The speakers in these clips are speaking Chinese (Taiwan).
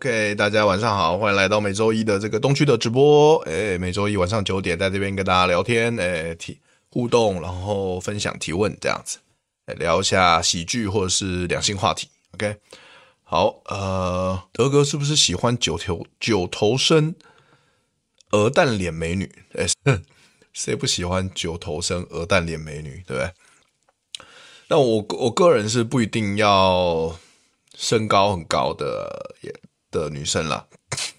OK，大家晚上好，歡迎來到每周一的這個東區德直播。誒，每周一晚上九點在這邊跟大家聊天，誒，提互動，然後分享提問這樣子，誒，聊一下喜劇或者是兩性話題。OK，好，呃，德哥是不是喜歡九頭九頭身鵝蛋臉美女？誒，哼，誰不喜歡九頭身鵝蛋臉美女？對不對？那我我個人是不一定要身高很高的耶。的女生了，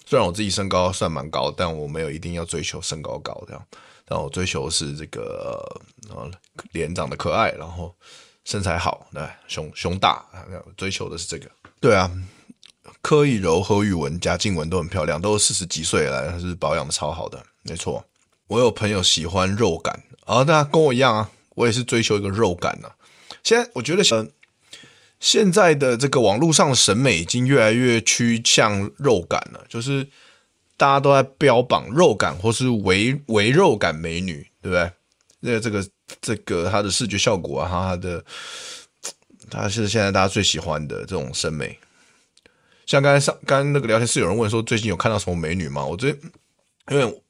雖然我自己身高算蠻高，但我沒有一定要追求身高高這樣，然後追求的是這個，然後臉長得可愛，然後身材好，對，胸胸大，追求的是這個。對啊，柯以柔、何妤玟、賈靜雯都很漂亮，都四十幾歲了，是保養的超好的，沒錯。我有朋友喜歡肉感，啊、哦，對啊，跟我一樣啊，我也是追求一個肉感啊。現在我覺得，呃現在的這個網絡上的審美已經越來越趨向肉感了，就是大家都在標榜肉感，或是微微肉感美女，對不對？那這個這個它的視覺效果啊，它的它是現在大家最喜歡的這種審美。像剛才上剛那個聊天室有人問說，最近有看到什麼美女嗎？我最因為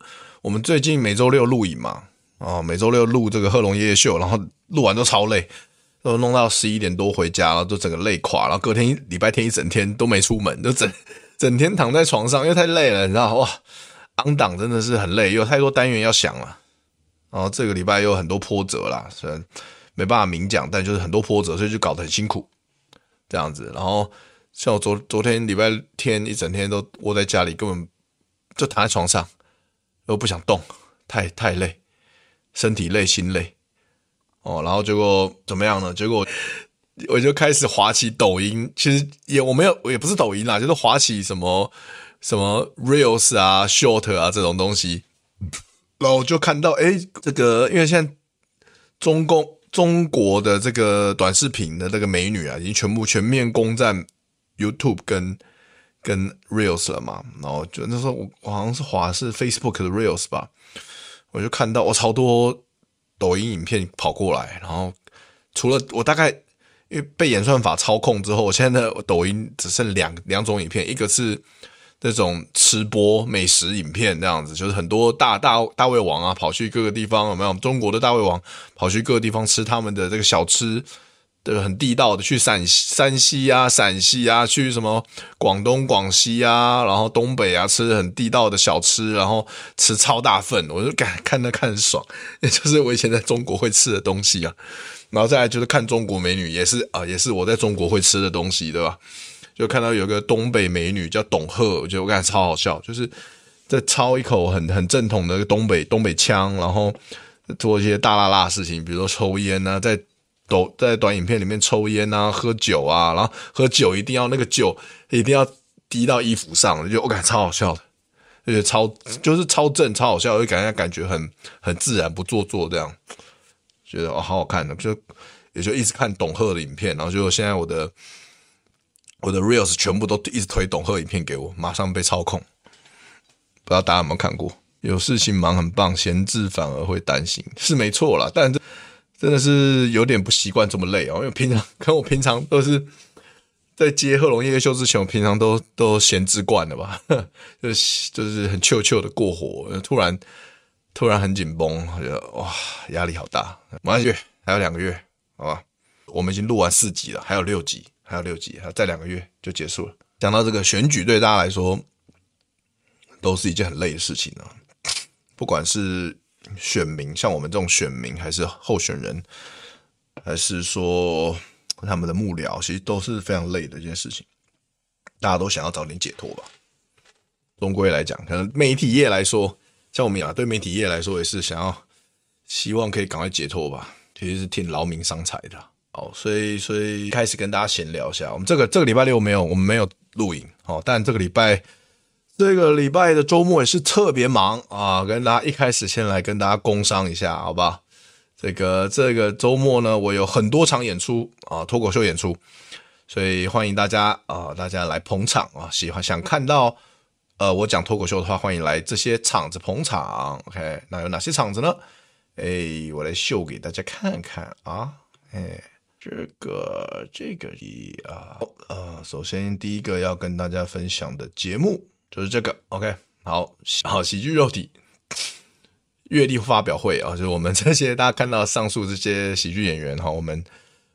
我們最近每週六錄影嘛，啊，每週六錄這個賀瓏夜夜秀，然後錄完都超累。都弄到十一點多回家，然後都整個累垮了。隔天禮拜天一整天都沒出門，就整整天躺在床上，因為太累了，你知道哇，on 檔真的是很累，有太多單元要想了。然後這個禮拜又很多波折啦，雖然沒辦法明講，但就是很多波折，所以就搞得很辛苦這樣子。然後像我昨昨天禮拜天一整天都窩在家裡，根本就躺在床上，又不想動，太太累，身體累，心累。哦，然後結果怎麼樣呢？結果我就開始滑起抖音，其實也我沒有，也不是抖音啦，就是滑起什麼什麼 reels 啊、short 啊這種東西。然後就看到，誒這個因為現在中共中國的這個短視頻的那個美女啊，已經全部全面攻佔 YouTube 跟跟 reels 了嘛。然後就那時候我，我好像是滑是 Facebook 的 reels 吧，我就看到我、哦、超多。抖音影片跑過來，然後除了我大概因為被演算法操控之後，我現在的抖音只剩兩兩種影片，一個是那種吃播美食影片這樣子，就是很多大大大胃王啊跑去各個地方有沒有？中國的大胃王跑去各個地方吃他們的這個小吃。對，很地道的，去陝西、山西啊，陝西啊，去什麼廣東、廣西啊，然後東北啊，吃很地道的小吃，然後吃超大份，我就感看那看他看爽，也就是我以前在中國會吃的東西啊。然後再來就是看中國美女，也是啊、呃，也是我在中國會吃的東西，對吧？就看到有個東北美女叫董賀，我覺得我感覺超好笑，就是在操一口很很正統的東北東北腔，然後做一些大辣辣的事情，比如說抽煙啊，在。都在短影片裡面抽菸啊、喝酒啊，然後喝酒一定要那個酒一定要滴到衣服上，就我感覺超好笑的，而且超就是超正超好笑，就給人家感覺很很自然不做作這樣，覺得哦好好看的，就也就一直看董赫的影片，然後就現在我的我的 reels 全部都一直推董赫影片給我，馬上被操控，不知道大家有沒有看過？有事情忙很棒，閒置反而會擔心，是沒錯啦，但真的是有點不習慣這麼累哦，因為平常跟我平常都是在接《賀瓏夜夜秀》之前，我平常都都閒置慣了吧，就是就是很臭臭的過活，突然突然很緊繃，我覺得哇壓力好大。馬上去還有兩個月，好吧，我們已經錄完四集了，還有六集，還有六集，再兩個月就結束了。講到這個選舉，對大家來說都是一件很累的事情啊，不管是。選民，像我們這種選民，還是候選人，還是說他們的幕僚，其實都是非常累的一件事情。大家都想要早點解脫吧。終歸來講，可能媒體業來說，像我們倆，對媒體業來說也是想要希望可以趕快解脫吧。其實是挺勞民傷財的。好，所以所以開始跟大家閒聊一下。我們這個這個禮拜六沒有，我們沒有錄影。哦。但這個禮拜。這個禮拜的周末也是特別忙啊，跟大家一開始先來跟大家工商一下，好吧？這個這個周末呢，我有很多場演出啊，脫口秀演出，所以歡迎大家啊、呃，大家來捧場啊！喜歡想看到呃我講脫口秀的話，歡迎來這些場子捧場。OK，那有哪些場子呢？哎，我來秀給大家看看啊！哎，這個這個一啊，啊，首先第一個要跟大家分享的節目，就是這個，OK，好，好，喜劇肉體月曆發表會啊、哦，就是我們這些大家看到上述這些喜劇演員哈，我們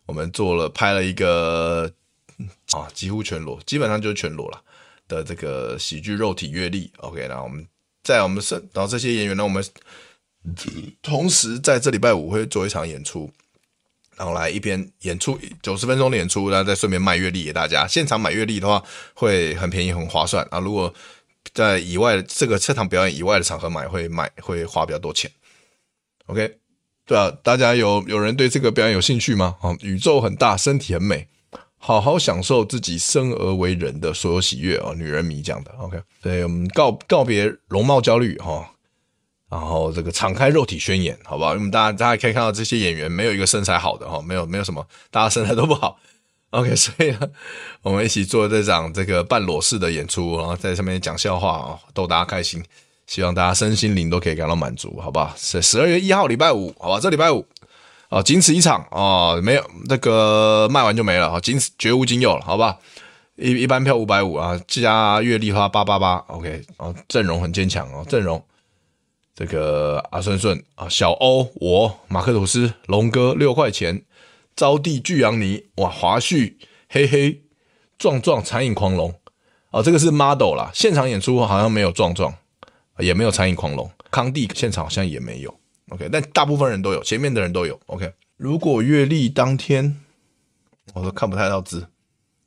我們做了拍了一個啊，幾乎全裸，基本上就是全裸了的這個喜劇肉體月曆，OK，然後我們在我們是然後這些演員呢，我們同時在這禮拜五會做一場演出。然後來一邊演出九十分鐘的演出，然後再順便賣月曆給大家。現場買月曆的話會很便宜很划算啊！如果在以外的這個這場表演以外的場合買，會買會花比較多錢。OK，對啊，大家有有人對這個表演有興趣嗎？啊、哦，宇宙很大，身體很美，好好享受自己生而為人的所有喜悅哦，女人迷這樣的。OK，對，我們告告別容貌焦慮哈。哦然後這個敞開肉體宣言，好不好？因為大家大家可以看到，這些演員沒有一個身材好的哈、哦，沒有沒有什麼，大家身材都不好。OK，所以呢我們一起做這場這個半裸式的演出，然後在上面講笑話啊、哦，逗大家開心，希望大家身心靈都可以感到滿足，好不好？十二月一號禮拜五，好吧，這禮拜五啊，僅此一場啊，沒有那個賣完就沒了啊，僅此絕無僅有，了，好吧？一一般票五百五啊，加月曆花八八八，OK，哦，陣容很堅強哦、啊，陣容。這個阿順順啊，小歐，我馬克吐斯，龍哥六塊錢，招弟巨揚尼哇，華旭嘿嘿，壯壯殘影狂龍，哦，這個是 model 啦，現場演出好像沒有壯壯，也沒有殘影狂龍，康帝現場好像也沒有，OK，但大部分人都有，前面的人都有，OK。如果月曆當天，我都看不太到字，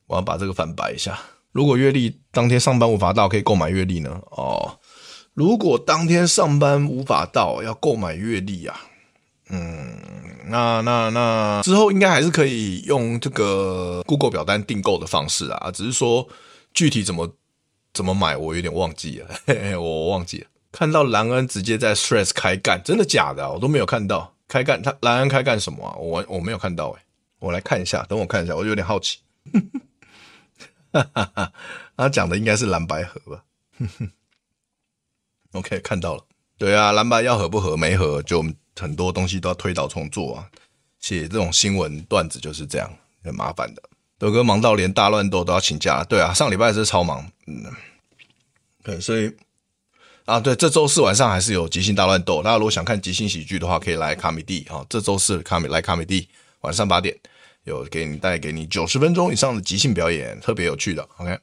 我要把這個反白一下。如果月曆當天上班無法到，可以購買月曆呢？哦。如果當天上班無法到，要購買月曆啊，嗯，那那那之後應該還是可以用這個 Google 表單訂購的方式啊，只是說具體怎麼怎麼買，我有點忘記了，嘿嘿，我忘記了。看到藍恩直接在 stress 開幹，真的假的、啊？我都沒有看到。開幹，他藍恩開幹什麼啊？我我沒有看到哎、欸，我來看一下，等我看一下，我就有點好奇。哈哈哈，他講的應該是藍白盒吧？哼哼。OK，看到了。對啊，藍白要合不合，沒合就很多東西都要推倒重做啊。其實這種新聞段子就是這樣，很麻煩的。德哥忙到連大亂鬥都要請假。對啊，上禮拜是超忙。嗯，對，OK，所以啊，對，這周四晚上還是有即興大亂鬥。大家如果想看即興喜劇的話，可以來卡米地啊。這周四卡米來卡米地，晚上八點有給你帶給你九十分鐘以上的即興表演，特別有趣的。OK。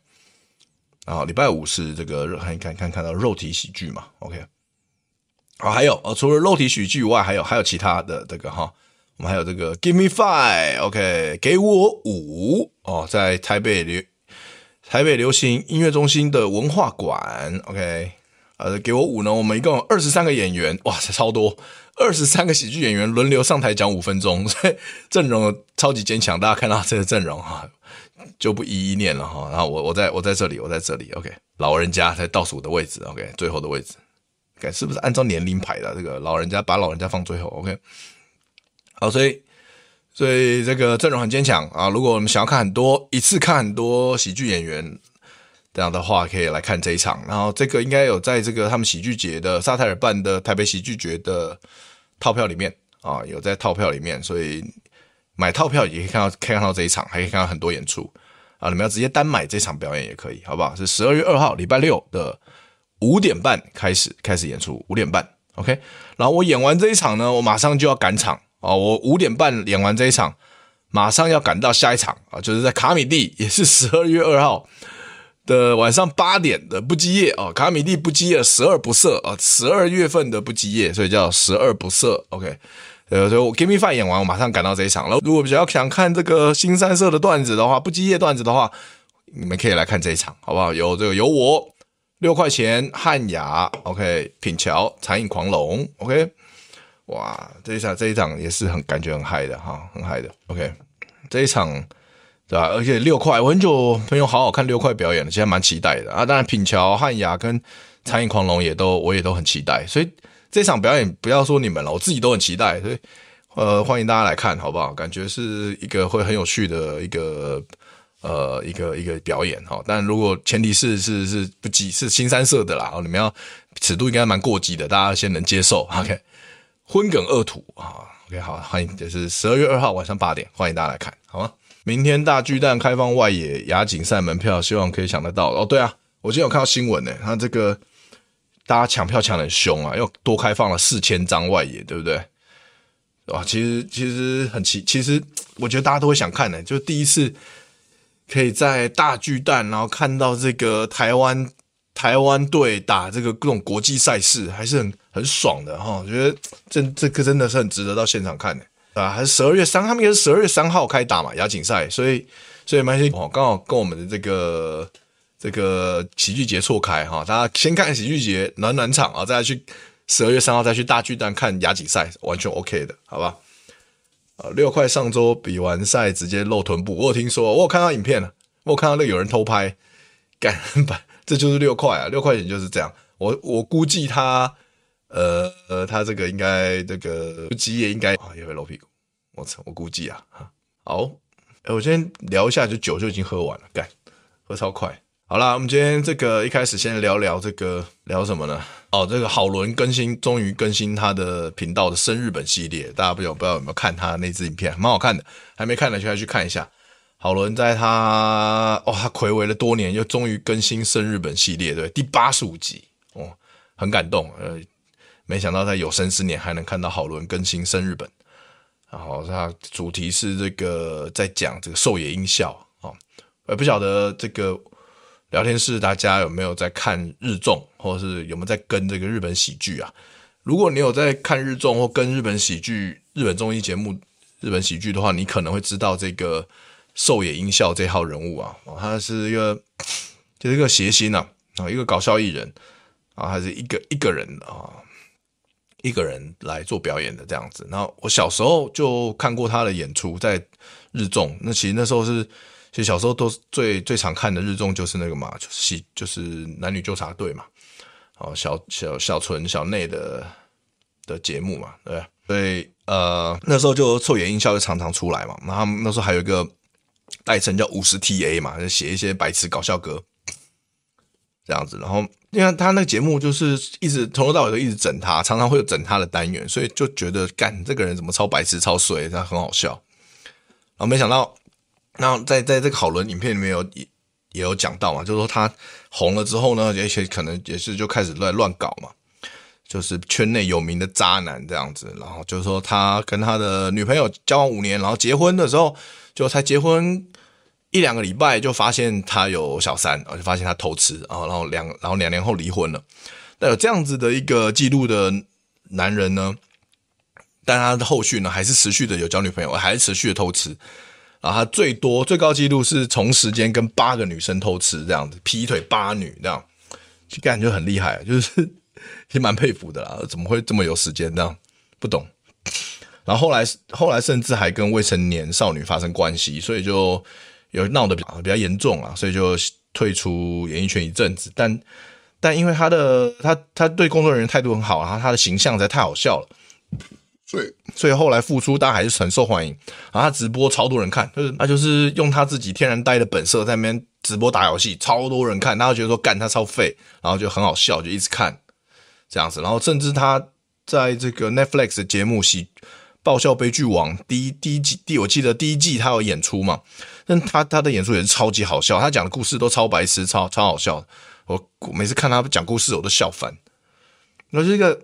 然後禮拜五是這個，看看看，看，看到肉體喜劇嘛，OK。好、啊，還有哦，除了肉體喜劇以外，還有還有其他的這個哈、哦，我們還有這個 Give Me Five，OK，OK，給我五哦，在台北流台北流行音樂中心的文化館，OK，呃，給我五呢？我們一共有二十三個演員，哇塞，超多，二十三個喜劇演員輪流上台講五分鐘，所以陣容超級堅強。大家看到這個陣容哈。哦就不一一念了哈，然後我我在我在這裡，我在這裡，OK，老人家在倒數的位置，OK，最後的位置，OK，是不是按照年齡排的？這個老人家把老人家放最後，OK，好，所以所以這個陣容很堅強啊！如果我們想要看很多一次看很多喜劇演員這樣的話，可以來看這一場。然後這個應該有在這個他們喜劇節的薩泰爾辦的台北喜劇節的套票裡面啊，有在套票裡面，所以買套票也可以看到，可以看到這一場，還可以看到很多演出。你們要直接單買這場表演也可以，好不好？是十二月二號禮拜六的五點半開始開始演出，五點半，OK。然後我演完這一場呢，我馬上就要趕場啊！我五點半演完這一場，馬上要趕到下一場啊，就是在卡米地，也是十二月二號的晚上八點的不羈夜啊！卡米地不羈夜十二不赦啊，十二月份的不羈夜，所以叫十二不赦，OK。呃，所以，我 Give Me Five 演完，我馬上趕到這一場了。如果比較想看這個新三色的段子的話，不積業段子的話，你們可以來看這一場，好不好？有這個有我六塊錢漢雅，OK 品喬殘飲狂龍，OK，哇，這一場這一場也是很感覺很嗨的哈，很嗨的。OK，這一場對吧？而且六塊，我很久朋友好好看六塊表演了，其實蠻期待的啊。當然品喬漢雅跟餐飲狂龍也都我也都很期待，所以。這場表演不要說你們了，我自己都很期待，所以呃歡迎大家來看，好不好？感覺是一個會很有趣的一個呃一個一個表演哈、哦。但如果前提是是是不急是新三色的啦，哦、你們要尺度應該蠻過激的，大家先能接受。OK，葷梗惡土啊、哦。OK，好，歡迎，這是十二月二號晚上八點，歡迎大家來看，好嗎？明天大巨蛋開放外野亞錦賽門票，希望可以搶得到哦。對啊，我今天有看到新聞呢、欸，他這個。大家搶票搶的兇啊，又多開放了四千張外野，對不對？哇，其實其實很奇，其實我覺得大家都會想看的、欸，就第一次可以在大巨蛋，然後看到這個台灣台灣隊打這個各種國際賽事，還是很很爽的哈。我、哦、覺得這這個真的是很值得到現場看的、欸，啊，還是十二月三，他們也是十二月三號開打嘛，亞錦賽，所以所以蠻幸、哦、剛好跟我們的這個。這個喜劇節錯開哈、啊，大家先看喜劇節暖暖場啊，再去十二月三號再去大巨蛋看亞錦賽，完全 OK 的，好吧？啊，六塊上周比完賽直接露臀部，我有聽說，我有看到影片了，我有看到那個有人偷拍，幹，這就是六塊啊，六塊錢就是這樣，我我估計他，呃呃，他這個應該這個不職業，應該、啊、也會露屁股，我操，我估計啊，好，哎、欸，我今天聊一下，就酒就已經喝完了，幹，喝超快。好啦，我們今天這個一開始先聊聊這個，聊什麼呢？哦，這個好倫更新，終於更新他的頻道的生日本系列。大家不曉不知道有沒有看他那支影片，蠻好看的。還沒看的，現在去看一下。好倫在他哇、哦，他睽違了多年，又終於更新生日本系列，對，第八十五集哦，很感動。呃，沒想到在有生之年還能看到好倫更新生日本。然後他主題是這個，在講這個獸野音效啊，呃、哦，不曉得這個。聊天室，大家有沒有在看日綜，或者是有沒有在跟這個日本喜劇啊？如果你有在看日綜或跟日本喜劇、日本綜藝節目、日本喜劇的話，你可能會知道這個狩野英孝這號人物啊、哦，他是一個，就是一個諧星啊，啊，一個搞笑藝人啊，還是一個一個人啊，一個人來做表演的這樣子。然後我小時候就看過他的演出在日綜，那其實那時候是。其實小時候都是最最常看的日綜就是那個嘛，就是喜就是男女糾察隊嘛，哦，小小小純小內的的節目嘛，對，所以呃，那時候就臭眼音效就常常出來嘛，然後他們那時候還有一個代稱叫五十 TA 嘛，就寫一些白痴搞笑歌這樣子，然後因為他那個節目就是一直從頭到尾都一直整他，常常會有整他的單元，所以就覺得幹這個人怎麼超白痴超衰，他很好笑，然後沒想到。那在在這個討論影片裡面有也也有講到嘛，就是說他紅了之後呢，而且可能也是就開始亂亂搞嘛，就是圈內有名的渣男這樣子。然後就是說他跟他的女朋友交往五年，然後結婚的時候就才結婚一兩個禮拜就發現他有小三，而且發現他偷吃啊，然後兩然後兩年後離婚了。那有這樣子的一個記錄的男人呢，但他的後續呢還是持續的有交女朋友，還是持續的偷吃。啊，他最多最高紀錄是從時間跟八個女生偷吃這樣子，劈腿八女這樣，就感覺很厲害，就是也蠻佩服的啦。怎麼會這麼有時間這樣，不懂。然後後來後來甚至還跟未成年少女發生關係，所以就有鬧得比較嚴重啊，所以就退出演藝圈一陣子。但但因為他的他他對工作人員態度很好啊，他的形象實在太好笑了。所以，所以後來復出，但還是很受歡迎。然後他直播超多人看，就是他就是用他自己天然呆的本色在那邊直播打遊戲，超多人看。然後覺得說幹他超廢，然後就很好笑，就一直看這樣子。然後甚至他在這個 Netflix 的節目《喜爆笑悲劇王》第一第一季第我記得第一季他有演出嘛？但他他的演出也是超級好笑，他講的故事都超白痴，超超好笑我。我每次看他講故事，我都笑翻。那這個。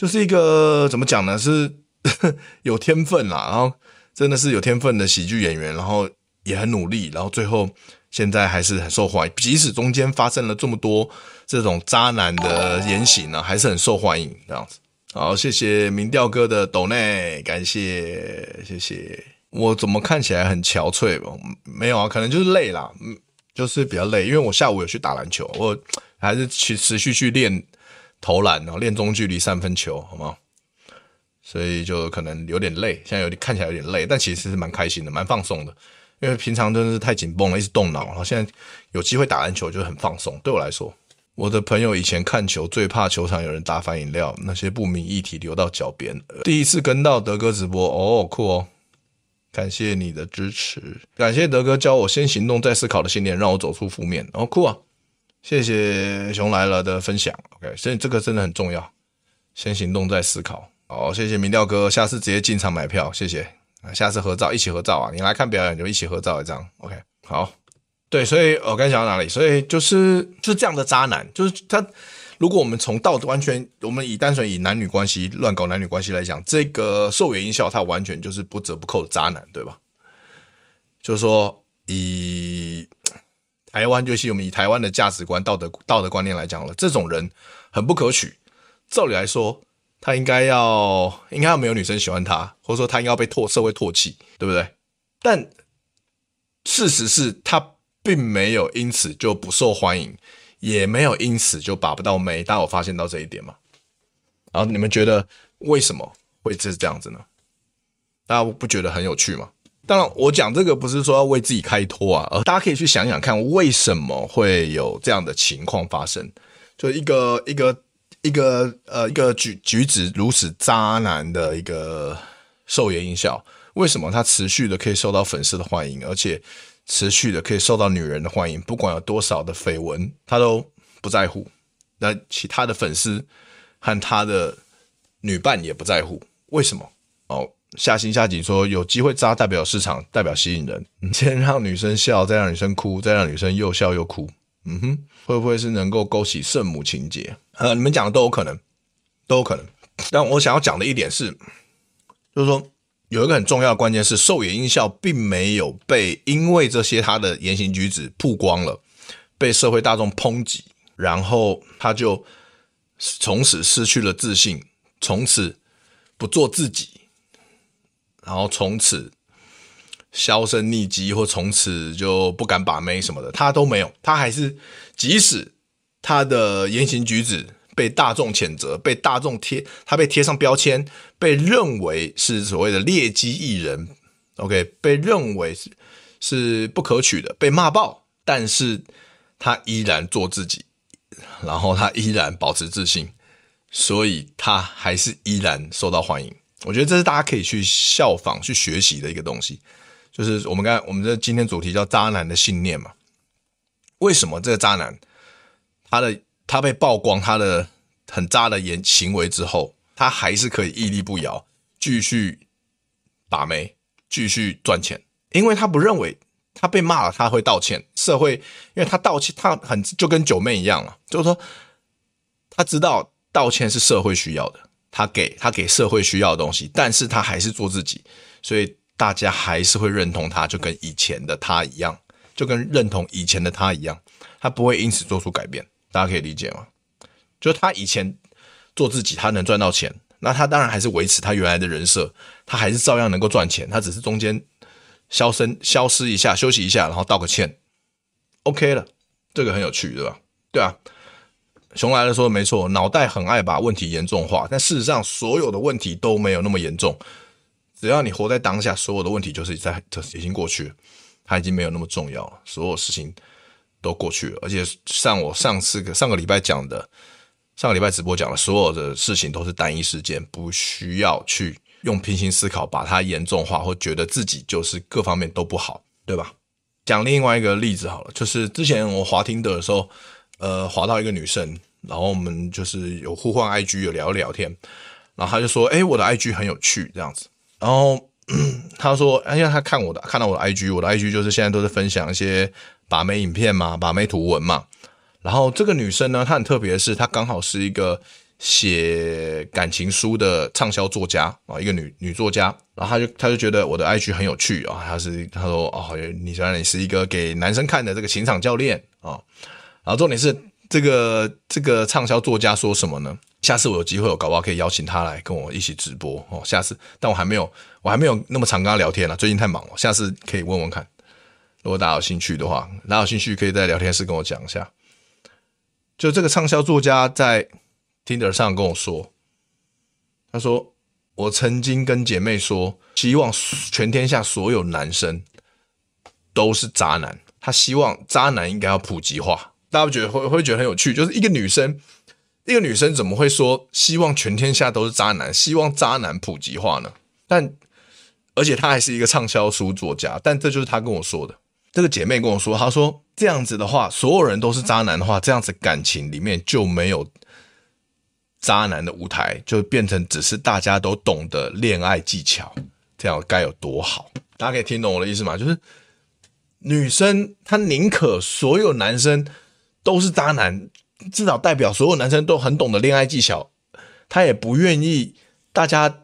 就是一個怎麼講呢？是呵呵有天分啦，然後真的是有天分的喜劇演員，然後也很努力，然後最後現在還是很受歡迎。即使中間發生了這麼多這種渣男的言行呢、啊，還是很受歡迎。這樣子，好，謝謝民調哥的抖內，感謝，謝謝。我怎麼看起來很憔悴？沒有啊，可能就是累啦，就是比較累，因為我下午有去打籃球，我還是去持續去練。投籃哦，然後練中距離三分球，好嗎？所以就可能有點累，現在有點看起來有點累，但其實是蠻開心的，蠻放鬆的。因為平常真的是太緊繃了，一直動腦，然後現在有機會打籃球，就很放鬆。對我來說，我的朋友以前看球最怕球場有人打翻飲料，那些不明液體流到腳邊。第一次跟到德哥直播，哦，酷哦！感謝你的支持，感謝德哥教我先行動再思考的信念，讓我走出負面。哦，酷啊！謝謝熊來了的分享，OK，所以這個真的很重要，先行動再思考。好，謝謝民調哥，下次直接進場買票，謝謝，下次合照一起合照啊，你來看表演就一起合照一張，OK，好，對，所以我剛講到哪裡？所以就是就是，就是這樣的渣男，就是他，如果我們從道德完全，我們以單純以男女關係亂搞男女關係來講，這個受元音效他完全就是不折不扣的渣男，對吧？就是說以。台灣就是我們以台灣的價值觀、道德道德觀念來講了，這種人很不可取。照理來說，他應該要，應該要沒有女生喜歡他，或者說他應該要被唾社會唾棄，對不對？但事實是他並沒有因此就不受歡迎，也沒有因此就把不到妹。大家有發現到這一點嗎？然後你們覺得為什麼會是這樣子呢？大家不覺得很有趣嗎？當然，我講這個不是說要為自己開脫啊，而大家可以去想想看，為什麼會有這樣的情況發生？就一個一個一個呃一個舉舉止如此渣男的一個受顏音效，為什麼他持續的可以受到粉絲的歡迎，而且持續的可以受到女人的歡迎？不管有多少的緋聞，他都不在乎，那其他的粉絲和他的女伴也不在乎，為什麼？哦。下心下緊說，有機會扎代表市場，代表吸引人。你先讓女生笑，再讓女生哭，再讓女生又笑又哭。嗯哼，會不會是能夠勾起聖母情結？呃，你們講的都有可能，都有可能。但我想要講的一點是，就是說有一個很重要的關鍵是，獸野音效並沒有被因為這些他的言行舉止曝光了，被社會大眾抨擊，然後他就從此失去了自信，從此不做自己。然後從此銷聲匿跡，或從此就不敢把妹什麼的，他都沒有。他還是即使他的言行舉止被大眾譴責，被大眾貼，他被貼上標籤，被認為是所謂的劣跡藝人，OK，被認為是是不可取的，被罵爆，但是他依然做自己，然後他依然保持自信，所以他還是依然受到歡迎。我覺得這是大家可以去效仿，去學習的一個東西，就是我們剛才我們這今天主題叫“渣男的信念”嘛。為什麼這個渣男，他的他被曝光他的很渣的言行為之後，他還是可以屹立不搖，繼續把妹，繼續賺錢？因為他不認為他被罵了他會道歉，社會因為他道歉，他很就跟九妹一樣了、啊，就是說他知道道歉是社會需要的。他給他給社會需要的東西，但是他還是做自己，所以大家還是會認同他，就跟以前的他一樣，就跟認同以前的他一樣，他不會因此做出改變，大家可以理解嗎？就他以前做自己，他能賺到錢，那他當然還是維持他原來的人設，他還是照樣能夠賺錢，他只是中間消聲、消失一下，休息一下，然後道個歉，OK 了，這個很有趣，對吧？對啊。熊來了，說沒錯，腦袋很愛把問題嚴重化，但事實上，所有的問題都沒有那麼嚴重。只要你活在當下，所有的問題就是在已經過去了，它已經沒有那麼重要了。所有事情都過去了，而且像我上次上個禮拜講的，上個禮拜直播講的所有的事情都是單一事件，不需要去用平行思考把它嚴重化，或覺得自己就是各方面都不好，對吧？講另外一個例子好了，就是之前我華庭的時候。呃，滑到一個女生，然後我們就是有互換 I G，有聊一聊天，然後她就說：“哎、欸，我的 I G 很有趣，這樣子。”然後她說：“哎，因為她看我的，看到我的 I G，我的 I G 就是現在都是分享一些把妹影片嘛，把妹圖文嘛。”然後這個女生呢，她很特別的是，是她剛好是一個寫感情書的暢銷作家啊、哦，一個女女作家。然後她就她就覺得我的 I G 很有趣啊、哦，她是她說：“哦，好像你雖然你是一個給男生看的這個情場教練啊。哦”然後重點是這個這個暢銷作家說什麼呢？下次我有機會，我搞不好可以邀請他來跟我一起直播哦。下次，但我還沒有，我還沒有那麼常跟他聊天了、啊，最近太忙了。下次可以問問看，如果大家有興趣的話，大家有興趣可以在聊天室跟我講一下。就這個暢銷作家在 Tinder 上跟我說，他說我曾經跟姐妹說，希望全天下所有男生都是渣男，他希望渣男應該要普及化。大家覺得會會覺得很有趣？就是一個女生，一個女生怎麼會說希望全天下都是渣男，希望渣男普及化呢？但而且她還是一個暢銷書作家。但這就是她跟我說的。這個姐妹跟我說，她說這樣子的話，所有人都是渣男的話，這樣子感情裡面就沒有渣男的舞台，就變成只是大家都懂得戀愛技巧，這樣該有多好？大家可以聽懂我的意思嗎？就是女生她寧可所有男生。都是渣男，至少代表所有男生都很懂得戀愛技巧。他也不願意大家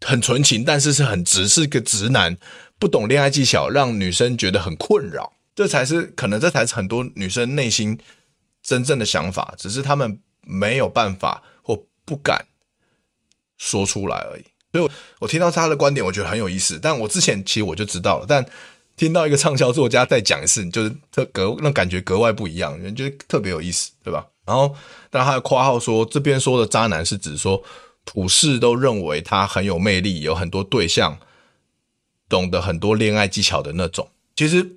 很純情，但是是很直，是個直男，不懂戀愛技巧，讓女生覺得很困擾。這才是可能，這才是很多女生內心真正的想法，只是他們沒有辦法或不敢說出來而已。所以我，我我聽到他的觀點，我覺得很有意思。但我之前其實我就知道了，但。聽到一個暢銷作家再講一次，你就是這格那感覺格外不一樣，人覺得特別有意思，對吧？然後，但他又括號說，這邊說的渣男是指說，普世都認為他很有魅力，有很多對象，懂得很多戀愛技巧的那種。其實，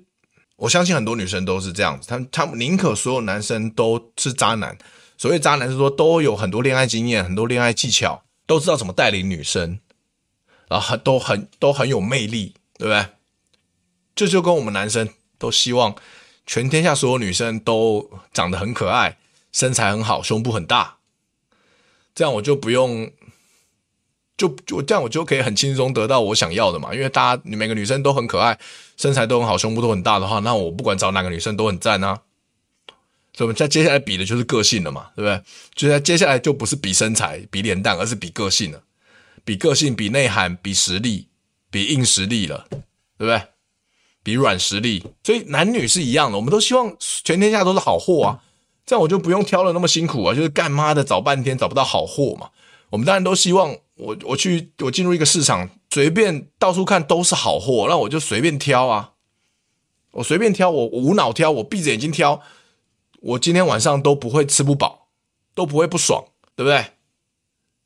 我相信很多女生都是這樣子，他們他們寧可所有男生都是渣男。所謂渣男是說，都有很多戀愛經驗，很多戀愛技巧，都知道怎麼帶領女生，然後都很都很有魅力，對不對？這就，就跟我們男生都希望，全天下所有女生都長得很可愛，身材很好，胸部很大，這樣我就不用，就就，這樣我就可以很輕鬆得到我想要的嘛。因為大家每個女生都很可愛，身材都很好，胸部都很大的話，那我不管找哪個女生都很讚啊。所以，我們在接下來比的就是個性了嘛，對不對？就在，接下來就不是比身材、比臉蛋，而是比個性了，比個性、比內涵、比實力、比硬實力了，對不對？比軟實力，所以男女是一樣的。我們都希望全天下都是好貨啊，這樣我就不用挑了那麼辛苦啊,就是幹媽的找半天找不到好貨嘛。我們當然都希望我我去我進入一個市場，隨便到處看都是好貨，那我就隨便挑啊，我隨便挑我，我無腦挑，我閉着眼睛挑，我今天晚上都不會吃不飽，都不會不爽，對不對？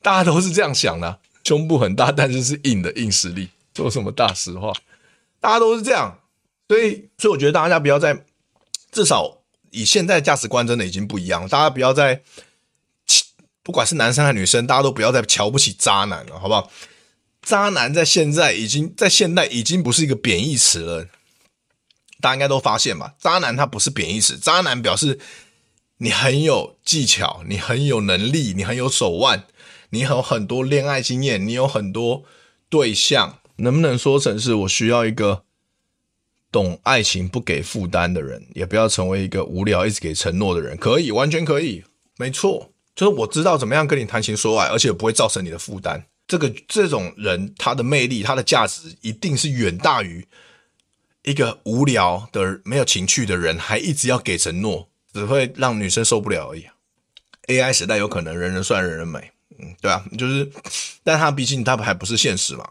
大家都是這樣想的啊。胸部很大，但是是硬的硬實力，說什麼大實話？大家都是這樣。所以，所以我覺得大家不要再，至少以現在價值觀真的已經不一樣了。大家不要再，不管是男生還是女生，大家都不要再瞧不起渣男了，好不好？渣男在現在已經在現代已經不是一個貶義詞了，大家應該都發現吧？渣男他不是貶義詞，渣男表示你很有技巧，你很有能力，你很有手腕，你有很多戀愛經驗，你有很多對象，能不能說成是我需要一個？懂愛情不給負擔的人，也不要成為一個無聊、一直給承諾的人。可以，完全可以，沒錯。就是我知道怎麼樣跟你談情說愛，而且也不會造成你的負擔。這個這種人，他的魅力、他的價值，一定是遠大於一個無聊的、沒有情趣的人，還一直要給承諾，只會讓女生受不了而已。AI 時代有可能人人帥、人人美，嗯，對啊，就是，但他畢竟他還不是現實嘛。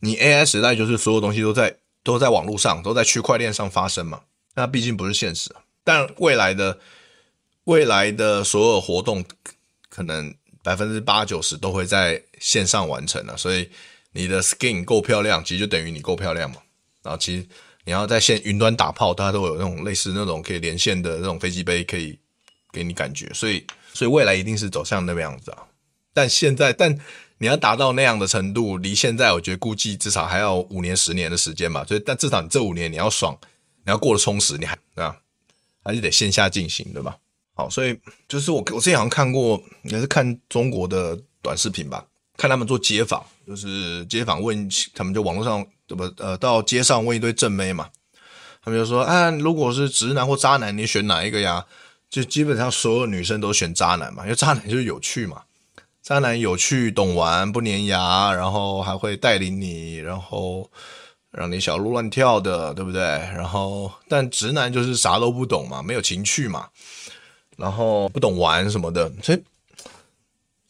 你 AI 時代就是所有東西都在，都在網絡上，都在區塊鏈上發生嘛。那畢竟不是現實。但未來的，未來的所有活動，可能百分之八九十都會在線上完成了啊。所以你的 skin 夠漂亮，其實就等於你夠漂亮嘛。然後其實你要在線雲端打炮，大家都有那種類似那種可以連線的那種飛機杯，可以給你感覺。所以，所以未來一定是走向那個樣子啊。但現在，但。你要達到那樣的程度，離現在我覺得估計至少還要五年十年的時間吧。所以，但至少你這五年你要爽，你要過得充實，你還啊，還是得線下進行，對吧？好，所以就是我我之前好像看過，也是看中國的短視頻吧，看他們做街訪，就是街訪問，他們就網絡上不呃到街上問一堆正妹嘛，他們就說啊，如果是直男或渣男，你選哪一個呀？就基本上所有女生都選渣男嘛，因為渣男就是有趣嘛。渣男有趣，懂玩，不粘牙，然後還會帶領你，然後讓你小鹿亂跳的，對不對？然後，但直男就是啥都不懂嘛，沒有情趣嘛，然後不懂玩什麼的。所以，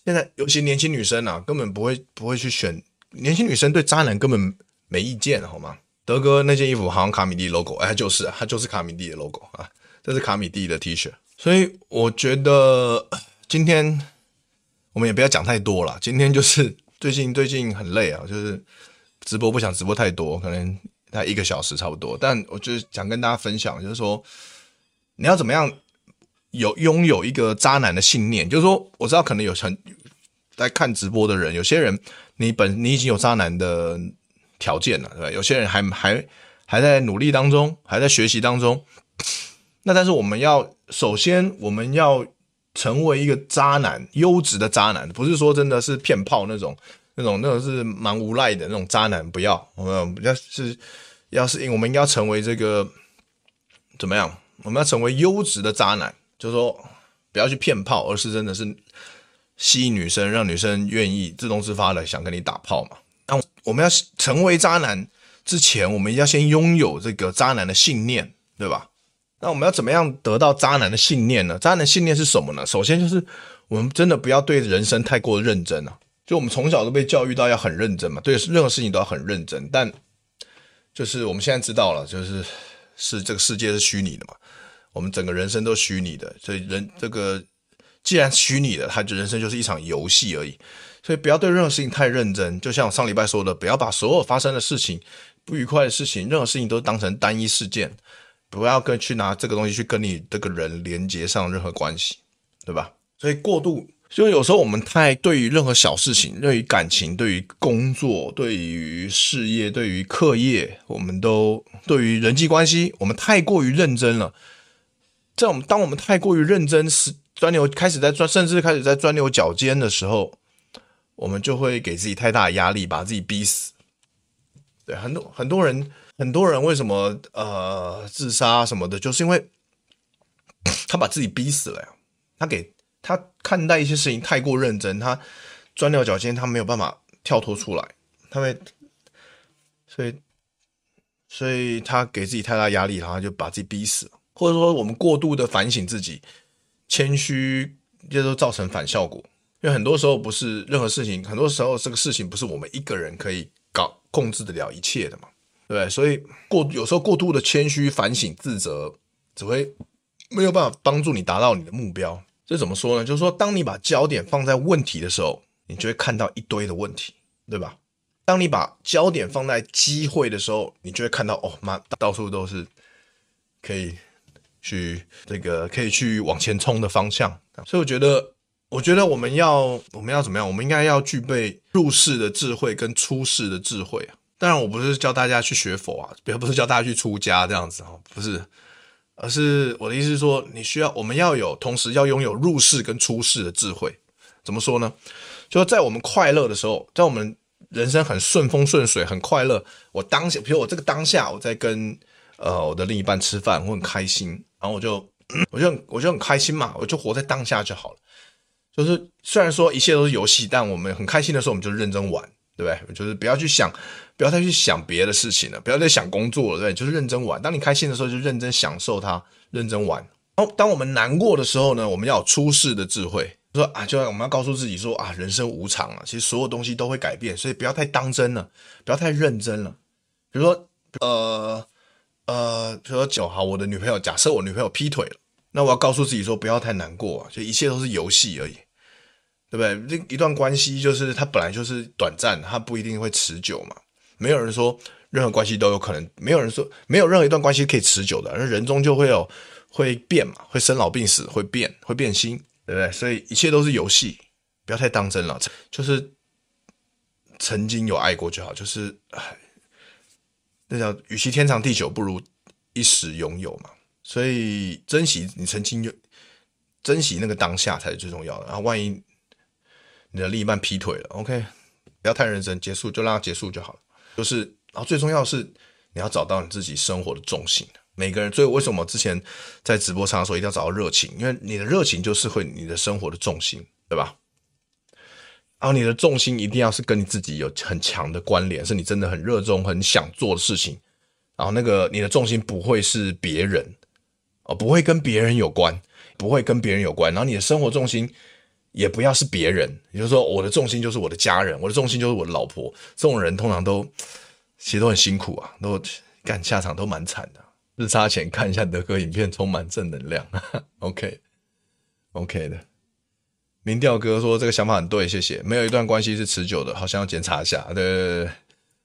現在尤其年輕女生啊，根本不會不會去選年輕女生對渣男根本沒意見，好嗎？德哥那件衣服好像卡米蒂 logo，哎，就是他就是卡米蒂的 logo 啊，這是卡米蒂的 T 恤。所以我覺得今天。我們也不要講太多了。今天就是最近最近很累啊，就是直播不想直播太多，可能大概一個小時差不多。但我就是想跟大家分享，就是說你要怎麼樣有擁有一個渣男的信念，就是說我知道可能有很在看直播的人，有些人你本你已經有渣男的條件了，對吧？有些人還還還在努力當中，還在學習當中。那但是我們要首先我們要。成為一個渣男，優質的渣男，不是說真的是騙炮那種，那種那種是蠻無賴的那種渣男，不要我們要是要是、欸、我們應該要成為這個怎麼樣？我們要成為優質的渣男，就是說不要去騙炮，而是真的是吸引女生，讓女生願意自動自發的想跟你打炮嘛。那我們要成為渣男之前，我們要先擁有這個渣男的信念，對吧？那我們要怎麼樣得到渣男的信念呢？渣男的信念是什麼呢？首先就是我們真的不要對人生太過認真了啊。就我們從小都被教育到要很認真嘛，對任何事情都要很認真。但就是我們現在知道了，就是是這個世界是虛擬的嘛，我們整個人生都是虛擬的。所以人這個既然虛擬的，他就人生就是一場遊戲而已。所以不要對任何事情太認真。就像我上禮拜說的，不要把所有發生的事情、不愉快的事情、任何事情都當成單一事件。不要跟去拿這個東西去跟你這個人連接上任何關係，對吧？所以過度，因為有時候我們太對於任何小事情、對於感情、對於工作、對於事業、對於課業，我們都對於人際關係，我們太過於認真了。在我們當我們太過於認真，是鑽牛開始在鑽，甚至開始在鑽牛角尖的時候，我們就會給自己太大的壓力，把自己逼死。對，很多很多人。很多人為什麼呃自殺什麼的，就是因為他把自己逼死了呀。他給他看待一些事情太過認真，他鑽牛角尖，他沒有辦法跳脫出來，他會，所以，所以他給自己太大壓力，然後就把自己逼死了。或者說，我們過度的反省自己，謙虛，這都造成反效果。因為很多時候不是任何事情，很多時候這個事情不是我們一個人可以搞控制得了一切的嘛。對，所以過有時候過度的謙虛、反省、自責，只會沒有辦法幫助你達到你的目標。這怎麼說呢？就是說，當你把焦點放在問題的時候，你就會看到一堆的問題，對吧？當你把焦點放在機會的時候，你就會看到哦，媽，到處都是可以去這個可以去往前衝的方向。所以我覺得，我覺得我們要我們要怎麼樣？我們應該要具備入世的智慧跟出世的智慧啊。當然，我不是教大家去學佛啊，比如不是教大家去出家這樣子啊，不是，而是我的意思是說，你需要，我們要有，同時要擁有入世跟出世的智慧。怎麼說呢？就是在我們快樂的時候，在我們人生很順風順水、很快樂，我當下，比如我這個當下，我在跟呃我的另一半吃飯，我很開心，然後我就我就我就很開心嘛，我就活在當下就好了。就是雖然說一切都是遊戲，但我們很開心的時候，我們就認真玩。對不對？就是不要去想，不要再去想別的事情了，不要再想工作了，對，對就是認真玩。當你開心的時候，就認真享受它，認真玩。哦，當我們難過的時候呢，我們要有出世的智慧，說啊，就我們要告訴自己說啊，人生無常啊，其實所有東西都會改變，所以不要太當真了，不要太認真了。比如說，呃呃，比如說九號，我的女朋友，假設我女朋友劈腿了，那我要告訴自己說，不要太難過啊，就一切都是遊戲而已。對不對？這一段關係就是它本來就是短暫，它不一定會持久嘛。沒有人說任何關係都有可能，沒有人說沒有任何一段關係可以持久的。人終究會有會變嘛，會生老病死，會變，會變心，對不對？所以一切都是遊戲，不要太當真了。就是曾經有愛過就好，就是哎，那叫與其天長地久，不如一時擁有嘛。所以珍惜你曾經就珍惜那個當下才是最重要的。然後萬一，你的另一半劈腿了，OK，不要太認真，結束就讓它結束就好了。就是，然後最重要的是，你要找到你自己生活的重心。每個人，所以為什麼我之前在直播上說一定要找到熱情？因為你的熱情就是會你的生活的重心，對吧？然後你的重心一定要是跟你自己有很強的關聯，是你真的很熱衷、很想做的事情。然後那個你的重心不會是別人，哦，不會跟別人有關，不會跟別人有關。然後你的生活重心。也不要是別人，也就是說，我的重心就是我的家人，我的重心就是我的老婆。這種人通常都其實都很辛苦啊，都幹下場都蠻慘的。日差前看一下德哥影片，充滿正能量。哈 哈 OK，OK okay, okay 的。民調哥說這個想法很對，謝謝。沒有一段關係是持久的，好像要檢查一下。對對對，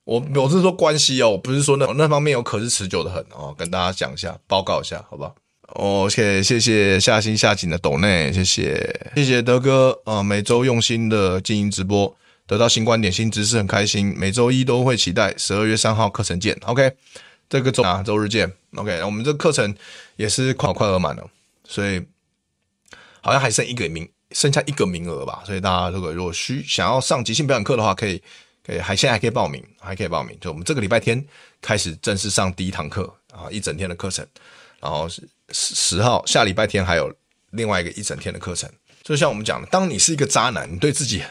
我我是說關係哦、喔，不是說那那方面有可是持久的很哦、喔，跟大家講一下，報告一下，好不好？哦，OK，謝謝夏新夏景的抖內，謝謝，謝謝德哥呃，每周用心的經營直播，得到新觀點、新知識很開心。每周一都會期待。十二月三號課程見，OK，這個周啊，周日見，OK。我們這個課程也是快快額滿了，所以好像還剩一個名，剩下一個名額吧。所以大家如果如果需想要上即興表演課的話，可以，可以還現在還可以報名，還可以報名。就我們這個禮拜天開始正式上第一堂課啊，一整天的課程，然後是。十號下禮拜天還有另外一個一整天的課程，就像我們講的，當你是一個渣男，你對自己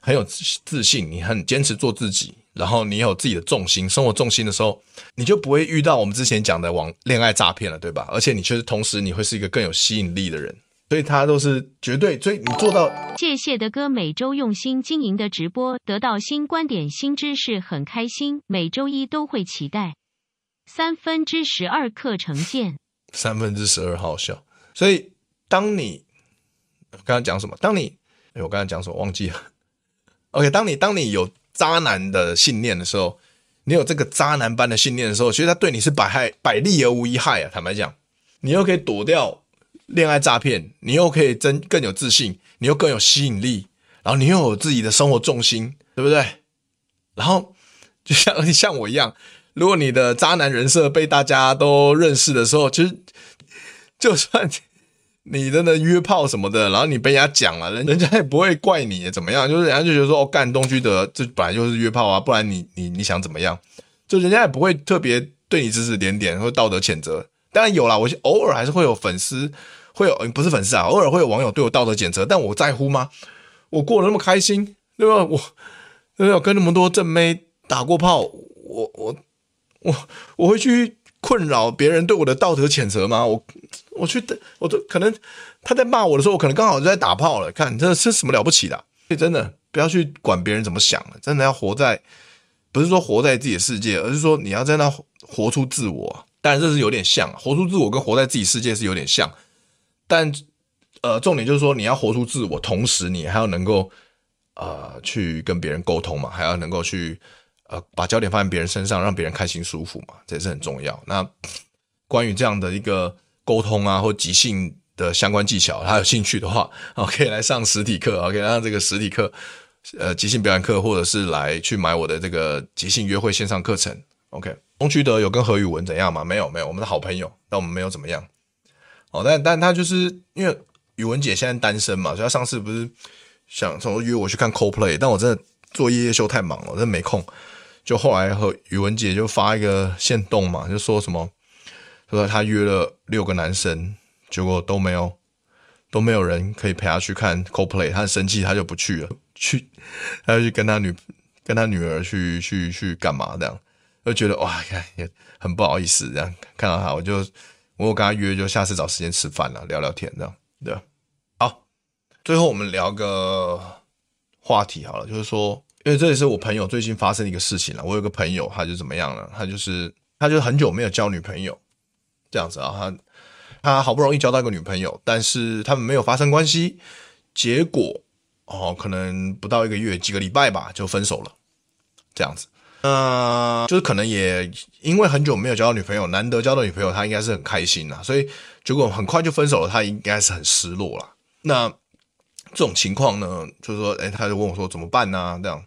很有自信，你很堅持做自己，然後你有自己的重心、生活重心的時候，你就不會遇到我們之前講的網戀愛詐騙了，對吧？而且你確實同時你會是一個更有吸引力的人，所以他都是絕對。所以你做到，謝謝德哥每週用心經營的直播，得到新觀點、新知識，很開心。每週一都會期待三分之十二課程見。三分之十二，好笑。所以，當你剛剛講什麼？當你、欸、我剛才講什麼？忘記了。OK，當你當你有渣男的信念的時候，你有這個渣男般的信念的時候，其實他對你是百害百利而無一害啊。坦白講，你又可以躲掉戀愛詐騙，你又可以真更有自信，你又更有吸引力，然後你又有自己的生活重心，對不對？然後，就像像我一樣。如果你的渣男人設被大家都認識的時候，其實就算你真的約炮什麼的，然後你被人家講了，啊，人人家也不會怪你怎麼樣，就是人家就覺得說，哦幹東區德這本來就是約炮啊，不然你你你想怎麼樣？就人家也不會特別對你指指點點會道德譴責。當然有了，我偶爾還是會有粉絲會有不是粉絲啊，偶爾會有網友對我道德譴責，但我在乎嗎？我過得那麼開心，對吧？我對不對？跟那麼多正妹打過炮，我我。我我會去困擾別人對我的道德譴責嗎？我我去，我都可能他在罵我的時候，我可能剛好就在打炮了。看，你這是什麼了不起的啊？所以真的不要去管別人怎麼想，真的要活在不是說活在自己的世界，而是說你要在那活出自我。當然，這是有點像活出自我跟活在自己世界是有點像，但呃，重點就是說你要活出自我，同時你還要能夠呃去跟別人溝通嘛，還要能夠去。呃，把焦點放在別人身上，讓別人開心舒服嘛，這也是很重要。那關於這樣的一個溝通啊，或即興的相關技巧，他有興趣的話可以來上實體課，可以上這個實體課，呃，即興表演課，或者是來去買我的這個即興約會線上課程。OK，東區德有跟何宇文怎樣嗎？沒有，沒有，我們的好朋友，但我們沒有怎麼樣。好，但但他就是因為宇文姐現在單身嘛，所以他上次不是想說約我去看 Coldplay，但我真的做夜夜秀太忙了，我真的沒空。就後來和宇文姐就發一個限動嘛，就說什麼，說她約了六個男生，結果都沒有，都沒有人可以陪她去看 coplay，她很生氣，她就不去了，去她就去跟她女跟她女兒去去去幹嘛這樣，就覺得哇，看也很不好意思這樣，看到她我就我跟她約，就下次找時間吃飯了，聊聊天這樣，對吧？好，最後我們聊個話題好了，就是說，因為這也是我朋友最近發生的一個事情了。我有個朋友，他就怎麼樣了？他就是，他就很久沒有交女朋友，這樣子啊。他他好不容易交到一個女朋友，但是他們沒有發生關係，結果哦，可能不到一個月，幾個禮拜吧，就分手了。這樣子、呃，那就是可能也因為很久沒有交到女朋友，難得交到女朋友，他應該是很開心啦，所以結果很快就分手了，他應該是很失落了。那這種情況呢，就是說，哎，他就問我說怎麼辦呢、啊？這樣。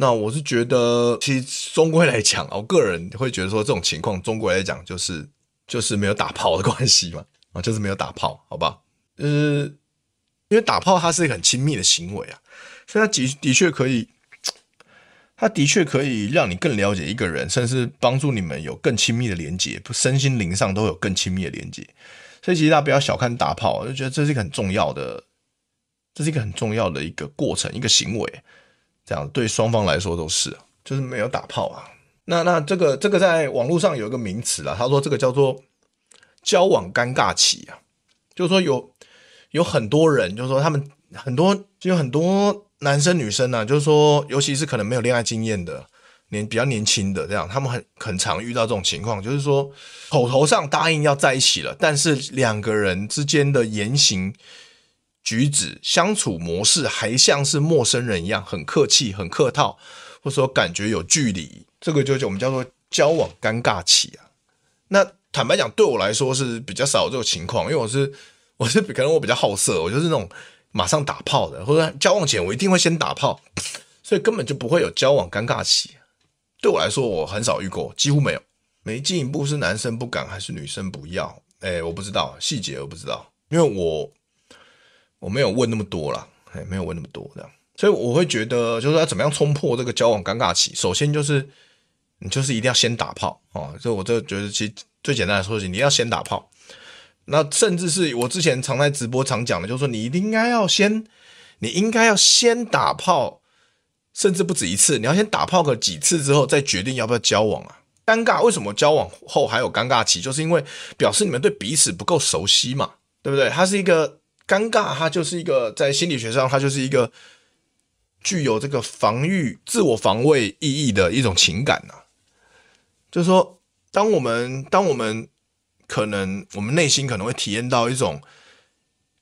那我是覺得，其實終歸來講，我個人會覺得說，這種情況中歸來講就是就是沒有打炮的關係嘛，啊，就是沒有打炮，好吧？嗯，因為打炮它是一個很親密的行為啊，所以它的的確可以，它的確可以讓你更了解一個人，甚至幫助你們有更親密的連接，身心靈上都有更親密的連接。所以其實大家不要小看打炮，我覺得這是一個很重要的，這是一個很重要的一個過程，一個行為。這樣對雙方來說都是，就是沒有打炮啊。那那這個這個在網絡上有一個名詞啦，他說這個叫做交往尷尬期啊。就是說有有很多人，就是說他們很多，就有很多男生女生啊，就是說尤其是可能沒有戀愛經驗的年比較年輕的這樣，他們很很常遇到這種情況，就是說口頭上答應要在一起了，但是兩個人之間的言行。舉止相處模式還像是陌生人一樣，很客氣、很客套，或者說感覺有距離，這個就叫我們叫做交往尷尬期啊。那坦白講，對我來說是比較少這種情況，因為我是我是可能我比較好色，我就是那種馬上打炮的，或者交往前我一定會先打炮，所以根本就不會有交往尷尬期啊。對我來說，我很少遇過，幾乎沒有，沒進一步是男生不敢還是女生不要？哎，我不知道細節，我不知道，因為我。我沒有問那麼多了，哎，沒有問那麼多的，所以我會覺得，就是要怎麼樣衝破這個交往尷尬期。首先就是你就是一定要先打炮齁，所以我這覺得其實最簡單的說是你要先打炮。那甚至是我之前常在直播常講的，就是說你應該要先，你應該要先打炮，甚至不止一次，你要先打炮個幾次之後，再決定要不要交往啊。尷尬，為什麼交往後還有尷尬期，就是因為表示你們對彼此不夠熟悉嘛，對不對？它是一個。尷尬，它就是一個在心理學上，它就是一個具有這個防御、自我防衛意義的一種情感、啊、就是說，當我們、當我們可能我們內心可能會體驗到一種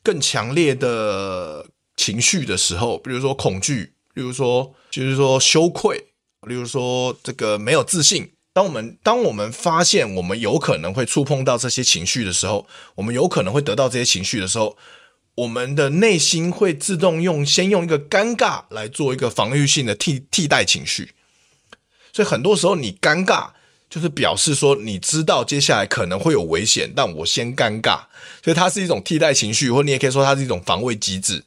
更強烈的情緒的時候，比如說恐懼，比如說，就是說羞愧，例如說這個沒有自信。當我們、當我們發現我們有可能會觸碰到這些情緒的時候，我們有可能會得到這些情緒的時候。我們的內心會自動用先用一個尷尬來做一個防御性的替替代情緒，所以很多時候你尷尬就是表示說你知道接下來可能會有危險，但我先尷尬，所以它是一種替代情緒，或你也可以說它是一種防衛機制。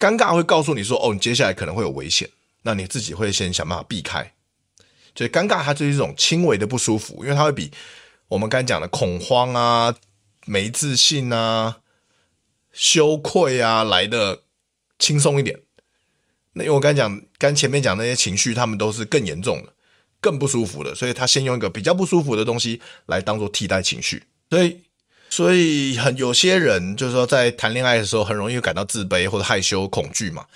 尷尬會告訴你說：“哦，你接下來可能會有危險，那你自己會先想辦法避開。”所以尷尬它就是一種輕微的不舒服，因為它會比我們剛才講的恐慌啊、沒自信啊。羞愧啊，來得輕鬆一點。那因為我剛講，剛前面講那些情緒，他們都是更嚴重的、更不舒服的，所以他先用一個比較不舒服的東西來當做替代情緒。所以，所以很有些人就是說，在談戀愛的時候，很容易感到自卑或者害羞、恐懼嘛。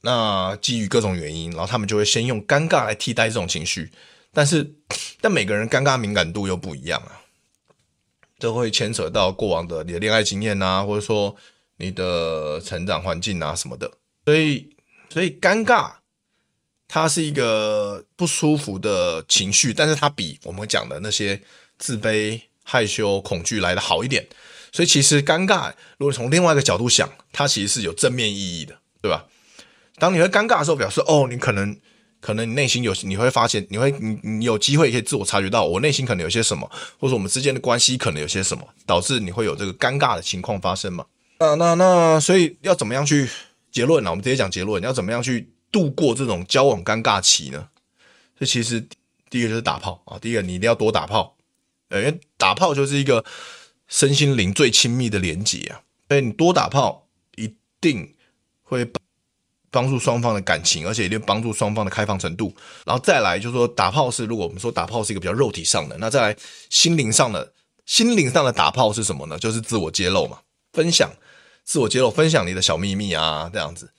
那基於各種原因，然後他們就會先用尷尬來替代這種情緒。但是，但每個人尷尬的敏感度又不一樣啊。都會牽扯到過往的你的戀愛經驗吶、啊，或者說你的成長環境啊什麼的，所以，所以尷尬，它是一個不舒服的情緒，但是它比我們講的那些自卑、害羞、恐懼來得好一點。所以其實尷尬，如果從另外一個角度想，它其實是有正面意義的，對吧？當你會尷尬的時候，表示哦，你可能。可能你內心有，你會發現，你會你你有機會可以自我察覺到，我內心可能有些什麼，或者我們之間的關係可能有些什麼，導致你會有這個尷尬的情況發生嘛？那那那所以要怎麼樣去結論呢、啊？我們直接講結論，你要怎麼樣去度過這種交往尷尬期呢？這其實第一個就是打炮啊，第一個你一定要多打炮，呃、哎，因為打炮就是一個身心靈最親密的連接啊，所以你多打炮一定會把。幫助雙方的感情，而且也幫助雙方的開放程度。然後再來就是說，打炮是如果我們說打炮是一個比較肉體上的，那再來心靈上的，心靈上的打炮是什麼呢？就是自我揭露嘛，分享自我揭露，分享你的小秘密啊，這樣子，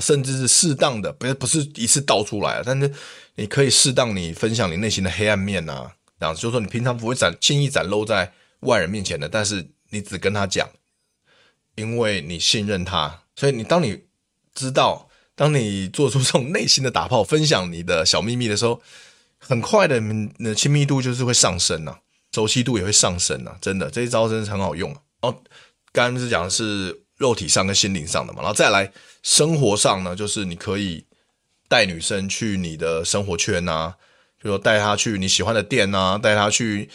甚至是適當的，不是不是一次倒出來啊，但是你可以適當你分享你內心的黑暗面啊，這樣子，就是說你平常不會展輕易展露在外人面前的，但是你只跟他講，因為你信任他，所以你當你知道。當你做出這種內心的打炮，分享你的小秘密的時候，很快的那親密度就是會上升吶、啊，周期度也會上升吶、啊，真的，這一招真的是很好用、啊、哦。剛才是講的是肉體上跟心靈上的嘛，然後再來生活上呢，就是你可以帶女生去你的生活圈吶、啊，就說帶她去你喜歡的店吶、啊，帶她去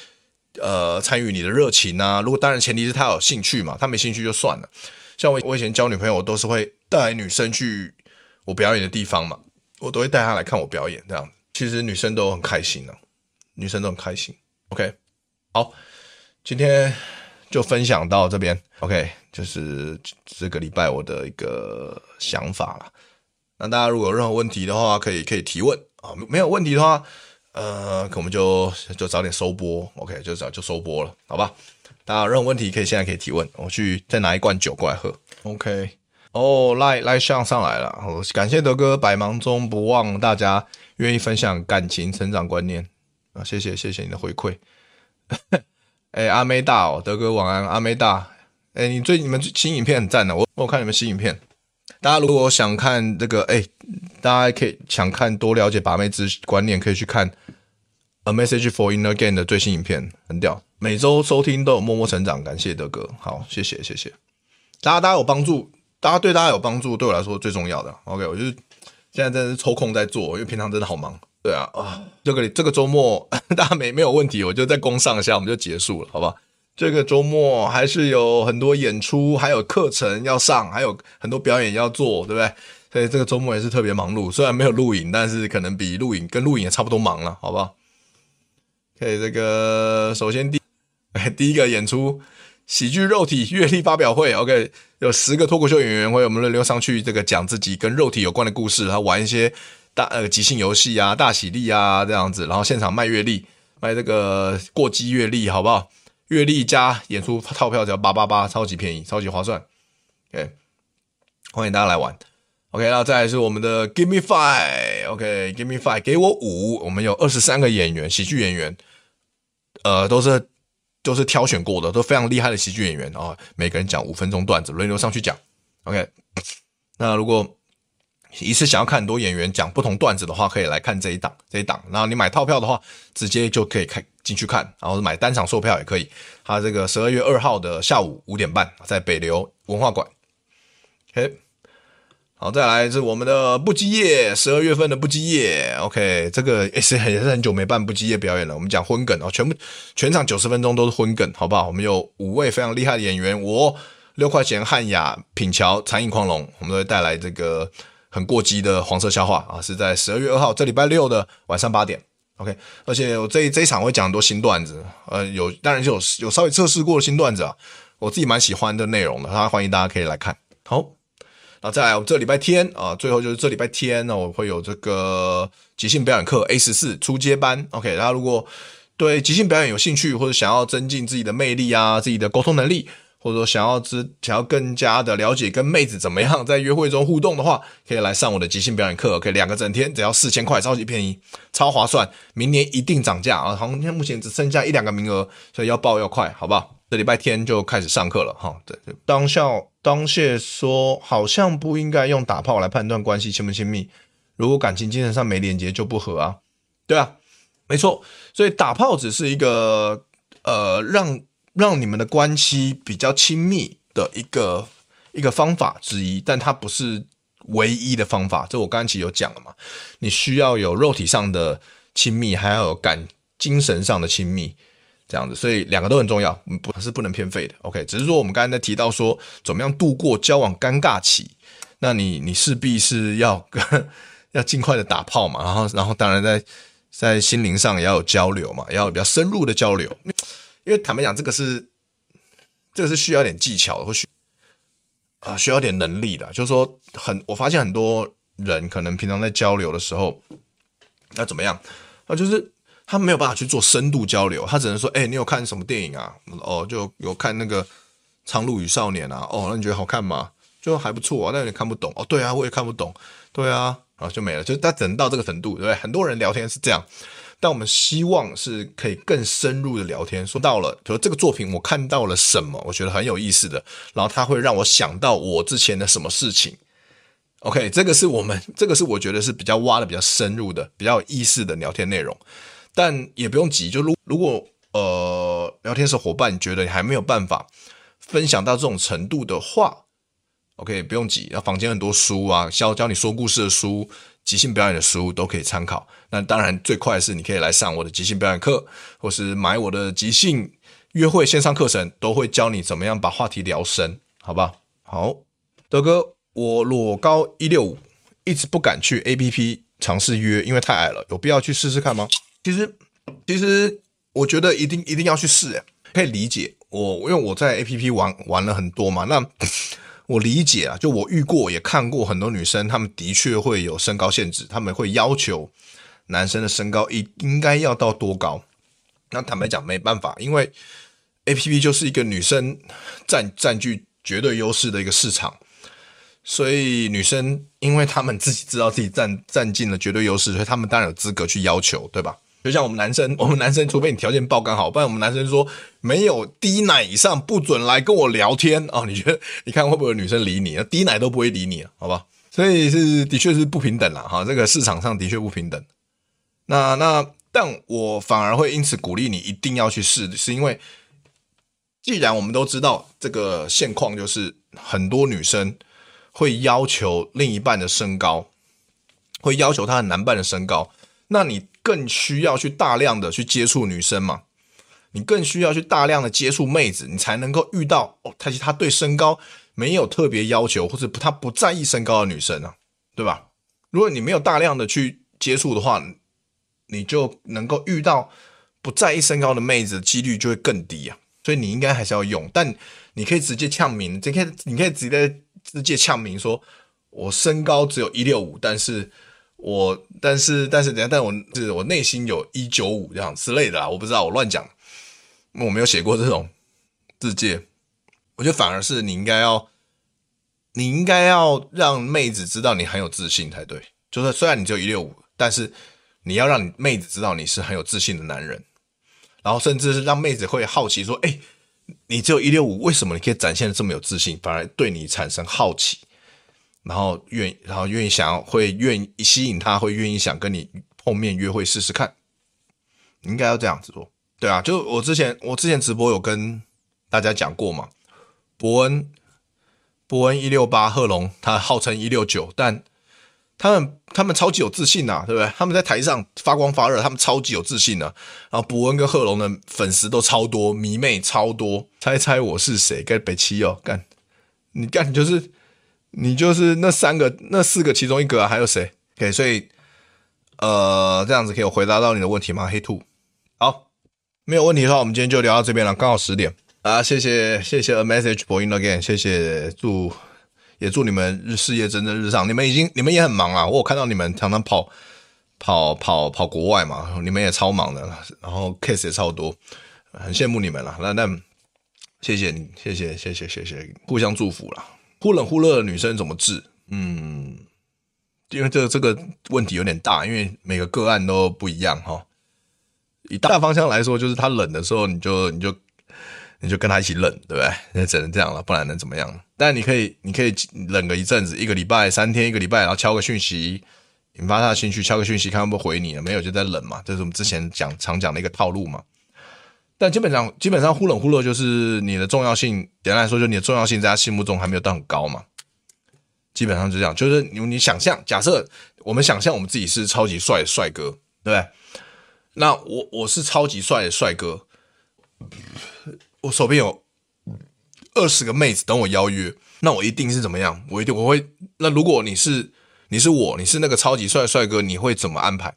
呃參與你的熱情吶、啊。如果當然前提是她有興趣嘛，她沒興趣就算了。像我我以前交女朋友我都是會帶女生去。我表演的地方嘛，我都會帶她來看我表演這樣，其實女生都很開心呢、啊，女生都很開心。OK，好，今天就分享到這邊。OK，就是這個禮拜我的一個想法啦。那大家如果有任何問題的話，可以可以提問啊、哦。沒有問題的話，呃，可我們就就早點收播。OK，就早就收播了，好吧？大家有任何問題可以現在可以提問，我去再拿一罐酒過來喝。OK。哦，來來上上來了好，感謝德哥，百忙中不忘大家，願意分享感情成長觀念啊，謝謝謝謝你的回饋。誒、 欸，阿妹大。哦，德哥晚安，阿妹大。誒、欸，你最近你們新影片很讚的，啊，我我看你們新影片。大家如果想看這個，誒、欸，大家可以想看多了解把妹知識觀念，可以去看《A Message for Inner Game》的最新影片，很屌。每周收聽都有默默成長，感謝德哥。好，謝謝謝謝大家，大家有幫助。大家對大家有幫助，對我來說最重要的。OK，我就是現在真的是抽空在做，因為平常真的好忙。對啊啊，這個這個週末大家沒沒有問題，我就再攻上一下，我們就結束了，好吧？這個週末還是有很多演出，還有課程要上，還有很多表演要做，對不對？所以這個週末也是特別忙碌。雖然沒有錄影，但是可能比錄影跟錄影也差不多忙了，好不好？可以，OK，這個首先第第一個演出。喜劇肉體月曆發表會，OK，有十個脫口秀演員會，我們輪流上去這個講自己跟肉體有關的故事，然後玩一些大呃即興遊戲啊、大喜利啊這樣子，然後現場賣月曆，賣這個過激月曆，好不好？月曆加演出套票只要八八八，超級便宜，超級划算，OK，歡迎大家來玩。OK，然後再來是我們的 Give Me Five，OK，Give、okay, Me Five，給我五，我們有二十三個演員，喜劇演員，呃，都是。就是挑選過的，都非常厲害的喜劇演員。啊、哦，每個人講五分鐘段子，輪流上去講。OK，那如果一次想要看很多演員講不同段子的話，可以來看這一檔這一檔。然後你買套票的話，直接就可以開進去看。然後買單場售票也可以。他這個十二月二號的下午五點半，在北流文化館。OK。好，再來是我們的不羈夜，十二月份的不羈夜。OK，這個也是很也是很久沒辦不羈夜表演了。我們講葷梗哦，全部全場九十分鐘都是葷梗，好不好？我們有五位非常厲害的演員，我、六塊錢、漢雅、品喬、殘影、狂龍，我們都會帶來這個很過激的黃色笑話啊，是在十二月二號這禮拜六的晚上八點。OK，而且我這一這一場會講很多新段子，呃，有當然就有有稍微測試過的新段子啊，我自己蠻喜歡的內容的，大家歡迎大家可以來看。好。啊，再來，我們這禮拜天啊，最後就是這禮拜天呢，啊，我會有這個即興表演課 A 十四初階班。OK，大家如果對即興表演有興趣，或者想要增進自己的魅力啊，自己的溝通能力，或者說想要知想要更加的了解跟妹子怎麼樣在約會中互動的話，可以來上我的即興表演課。OK，兩個整天，只要四千塊，超級便宜，超划算。明年一定漲價啊！好，今天目前只剩下一兩個名額，所以要報要快，好不好？這禮拜天就開始上課了哈，對對。當校當謝說，好像不應該用打炮來判斷關係親不親密。如果感情精神上沒連接就不合啊，對啊，沒錯，所以打炮只是一個呃讓讓你們的關係比較親密的一個一個方法之一，但它不是唯一的方法。這我剛才其實有講了嘛，你需要有肉體上的親密，還要有感精神上的親密。這樣子，所以兩個都很重要，不，是不能偏廢的。OK，只是說我們剛纔在提到說怎麼樣度過交往尷尬期，那你你勢必是要呵呵要盡快的打炮嘛，然後然後當然在在心靈上也要有交流嘛，也要有比較深入的交流，因為坦白講，這個是這個是需要點技巧，或許啊、呃、需要點能力的。就是說很，很我發現很多人可能平常在交流的時候，要怎麼樣？那、啊、就是。他沒有辦法去做深度交流，他只能說：“哎、欸，你有看什麼電影啊？哦，就有看那個《蒼鷺與少年》啊。哦，那你覺得好看嗎？就還不錯啊，但有點看不懂。哦，對啊，我也看不懂。對啊，然後就沒了，就他只能到這個程度，對不對？很多人聊天是這樣，但我們希望是可以更深入的聊天。說到了，比如這個作品，我看到了什麼，我覺得很有意思的。然後他會讓我想到我之前的什麼事情。OK，這個是我們，這個是我覺得是比較挖的比較深入的、比較有意思的聊天內容。”但也不用急，就如如果呃聊天室夥伴覺得你還沒有辦法分享到這種程度的話，OK，不用急。那坊間很多書啊，教教你說故事的書、即興表演的書都可以參考。那當然最快的是你可以來上我的即興表演課，或是買我的即興約會線上課程，都會教你怎麼樣把話題聊深，好吧？好，德哥，我裸高165，一直不敢去 APP 嘗試約，因為太矮了，有必要去試試看嗎？其實，其實我覺得一定一定要去試誒，可以理解。我因為我在 APP 玩玩了很多嘛，那我理解啊，就我遇過也看過很多女生，她們的確會有身高限制，她們會要求男生的身高應應該要到多高。那坦白講沒辦法，因為 APP 就是一個女生佔佔據絕對優勢的一個市場，所以女生，因為她們自己知道自己佔佔盡了絕對優勢，所以她們當然有資格去要求，對吧？就像我們男生，我們男生除非你條件爆幹好，不然我們男生說沒有低奶以上不准來跟我聊天哦。你覺得你看會不會有女生理你？低奶都不會理你好吧？所以是的確是不平等了哈。這個市場上的確不平等。那那但我反而會因此鼓勵你一定要去試，是因為既然我們都知道這個現況，就是很多女生會要求另一半的身高，會要求她的男伴的身高。那你更需要去大量的去接觸女生嘛，你更需要去大量的接觸妹子，你才能夠遇到哦，他他對身高沒有特別要求，或者他不，不在意身高的女生啊，對吧？如果你沒有大量的去接觸的話，你就能夠遇到不在意身高的妹子的幾率就會更低啊。所以你應該還是要用，但你可以直接嗆明，你可以你可以直接直接嗆明說，我身高只有一六五，但是。我但是但是等下，但我是我內心有一九五這樣之類的啦，我不知道我亂講，我沒有寫過這種字跡，我覺得反而是你應該要，你應該要讓妹子知道你很有自信才對。就是雖然你只有一六五，但是你要讓你妹子知道你是很有自信的男人，然後甚至是讓妹子會好奇說：“哎，你只有一六五，為什麼你可以展現得這麼有自信？反而對你產生好奇。”然後願，然後願意想要會願意吸引他，會願意想跟你碰面約會試試看，應該要這樣子做，對啊。就我之前我之前直播有跟大家講過嘛，伯恩伯恩一六八，賀龍他號稱一六九，但他們他們超級有自信吶、啊，對不對？他們在台上發光發熱，他們超級有自信的、啊。然後伯恩跟賀龍的粉絲都超多，迷妹超多，猜猜我是誰？該北七哦，幹你幹你就是。你就是那三個、那四個其中一個、啊、還有誰？對，okay，所以呃，這樣子可以回答到你的問題嗎？黑兔，好，沒有問題的話，我們今天就聊到這邊了，剛好十點啊！謝謝謝謝 A Message o 播音 again，謝謝祝也祝你們日事業蒸蒸日上，你們已經你們也很忙啊，我有看到你們常常跑跑跑跑國外嘛，你們也超忙的，然後 case 也超多，很羨慕你們啦。那那謝謝你，謝謝謝謝謝謝，互相祝福啦。忽冷忽熱的女生怎麼治？嗯，因為這這個問題有點大，因為每個個案都不一樣哈。以大方向來說，就是她冷的時候你，你就你就你就跟她一起冷，對不對？那只能這樣了，不然能怎麼樣？但你可以你可以冷個一陣子，一個禮拜，三天，一個禮拜，然後敲個訊息，引發她的興趣，敲個訊息，看她不會回你了，沒有就在冷嘛。這，就是我們之前講常講的一個套路嘛。但基本上，基本上忽冷忽熱，就是你的重要性。簡單來說，就是你的重要性在他心目中還沒有到很高嘛。基本上就這樣，就是你你想象，假設我們想象我們自己是超級帥的帥哥，對不對？那我我是超級帥的帥哥，我手邊有二十個妹子等我邀約，那我一定是怎麼樣？我一定我會。那如果你是你是我，你是那個超級帥的帥哥，你會怎麼安排？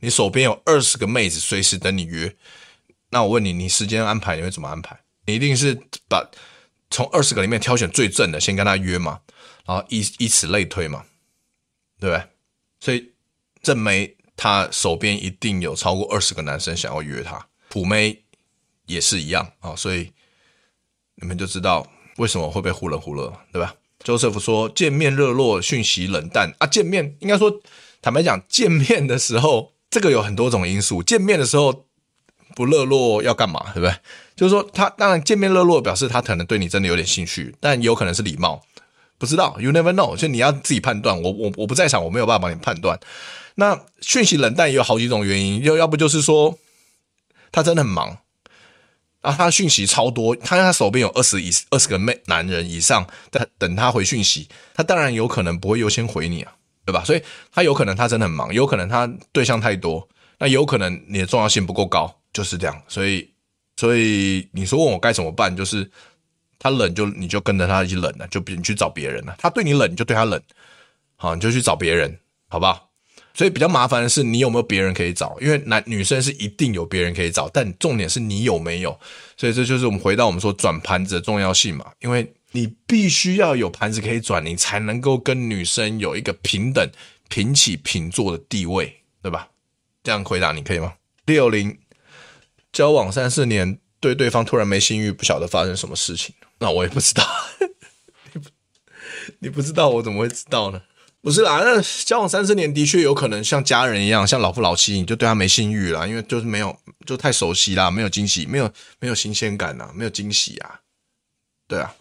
你手邊有二十個妹子隨時等你約。那我問你，你時間安排你會怎麼安排？你一定是把從二十個裡面挑選最正的先跟他約嘛，然後依以，以此類推嘛，對不對？所以正妹她手邊一定有超過二十個男生想要約她，普妹也是一樣啊，哦。所以你們就知道為什麼會被忽冷忽熱，對吧？Joseph 說見面熱絡，訊息冷淡啊。見面應該說坦白講，見面的時候這個有很多種因素，見面的時候。不熱絡要幹嘛，對不對？就是說他當然見面熱絡，表示他可能對你真的有點興趣，但也有可能是禮貌，不知道。You never know，就你要自己判斷。我我我不在場，我沒有辦法幫你判斷。那訊息冷淡也有好幾種原因，要要不就是說他真的很忙，啊，他訊息超多，他在他手邊有二十以二十個妹男人以上，等他回訊息，他當然有可能不會優先回你啊，對吧？所以他有可能他真的很忙，有可能他對象太多，那有可能你的重要性不夠高。就是這樣，所以，所以你說問我該怎麼辦，就是他冷，就你就跟着他一起冷了，啊，就比你去找別人了，啊。他對你冷，你就對他冷，好，你就去找別人，好不好？所以比較麻煩的是，你有沒有別人可以找？因為男女生是一定有別人可以找，但重點是你有沒有。所以這就是我們回到我們說轉盤子的重要性嘛，因為你必須要有盤子可以轉，你才能夠跟女生有一個平等，平起平坐的地位，對吧？這樣回答你可以嗎？六零。交往三四年，對對方突然沒性慾，不曉得發生什麼事情。那我也不知道， 你不你不知道，我怎麼會知道呢？不是啦，那交往三四年的確有可能像家人一樣，像老夫老妻，你就對他沒性慾了，因為就是沒有，就太熟悉啦，沒有驚喜，沒有沒有新鮮感吶、啊，沒有驚喜啊。對啊，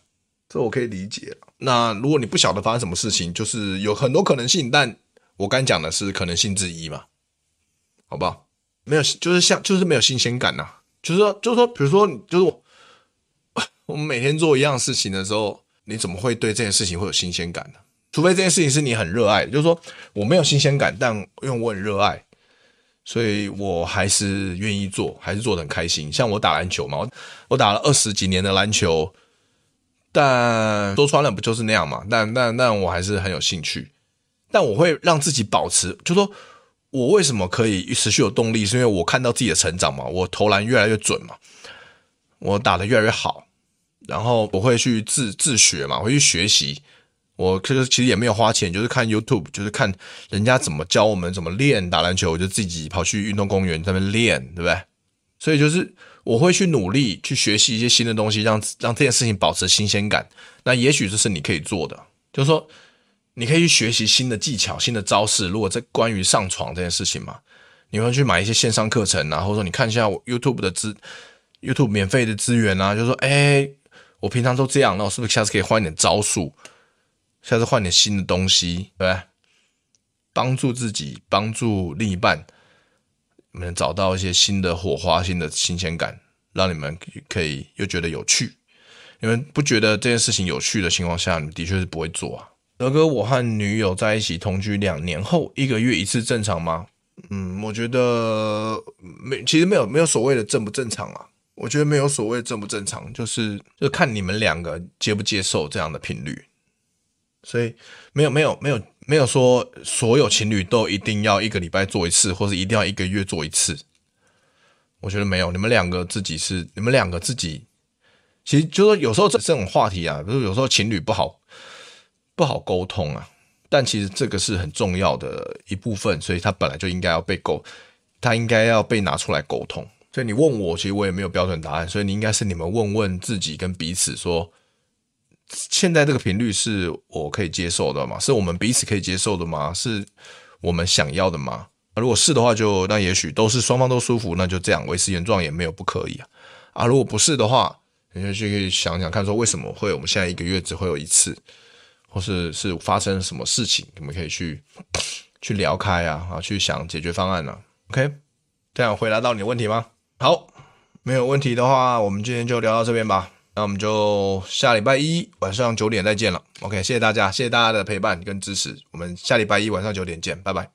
這我可以理解。那如果你不曉得發生什麼事情，就是有很多可能性，但我剛講的是可能性之一嘛，好不好？沒有，就是像，就是沒有新鮮感啊。就是說，就是說，比如說，就是我我們每天做一樣事情的時候，你怎麼會對這件事情會有新鮮感呢、啊？除非這件事情是你很熱愛。就是說，我沒有新鮮感，但因為我很熱愛，所以我還是願意做，還是做得很開心。像我打籃球嘛，我，我打了二十幾年的籃球，但說穿了不就是那樣嘛？但但但，但我還是很有興趣。但我會讓自己保持，就是說。我為什麼可以持續有動力？是因為我看到自己的成長嘛，我投籃越來越準嘛，我打得越來越好，然後我會去自自學嘛，我會去學習。我就是其實也沒有花錢，就是看 YouTube，就是看人家怎麼教我們怎麼練打籃球，我就自己跑去運動公園那邊練，對不對？所以就是我會去努力去學習一些新的東西，讓讓這件事情保持新鮮感。那也許這是你可以做的，就是說。你可以去學習新的技巧、新的招式。如果在關於上床這件事情嘛，你會去買一些線上課程，啊，然後說你看一下我 YouTube 的資、YouTube 免費的資源啊。就說哎、欸，我平常都這樣，那我是不是下次可以換點招數？下次換點新的東西，對吧？幫助自己，幫助另一半，你們找到一些新的火花、新的新鮮感，讓你們可以又覺得有趣。你們不覺得這件事情有趣的情況下，你們的確是不會做啊。德哥，我和女友在一起同居兩年後，一個月一次正常嗎？嗯，我覺得沒，其實沒有，沒有所謂的正不正常啊。我覺得沒有所謂正不正常，就是就看你們兩個接不接受這樣的頻率。所以沒有沒有沒有沒有說所有情侶都一定要一個禮拜做一次，或是一定要一個月做一次。我覺得沒有，你們兩個自己是你們兩個自己，其實就是有時候這這種話題啊，就是有時候情侶不好。不好溝通啊，但其實這個是很重要的一部分，所以它本來就應該要被溝，它應該要被拿出來溝通。所以你問我，其實我也沒有標準答案，所以你應該是你們問問自己跟彼此說，現在這個頻率是我可以接受的嗎？是我們彼此可以接受的嗎？是我們想要的嗎？如果是的話就，就那也許都是雙方都舒服，那就這樣維持原狀也沒有不可以啊。啊，如果不是的話，你就去想想看，說為什麼會我們現在一個月只會有一次。或是是發生什麼事情，你們可以去去聊開啊啊，去想解決方案呢、啊。OK，這樣回答到你的問題嗎？好，沒有問題的話，我們今天就聊到這邊吧。那我們就下禮拜一晚上九點再見了。OK，謝謝大家，謝謝大家的陪伴跟支持。我們下禮拜一晚上九點見，拜拜。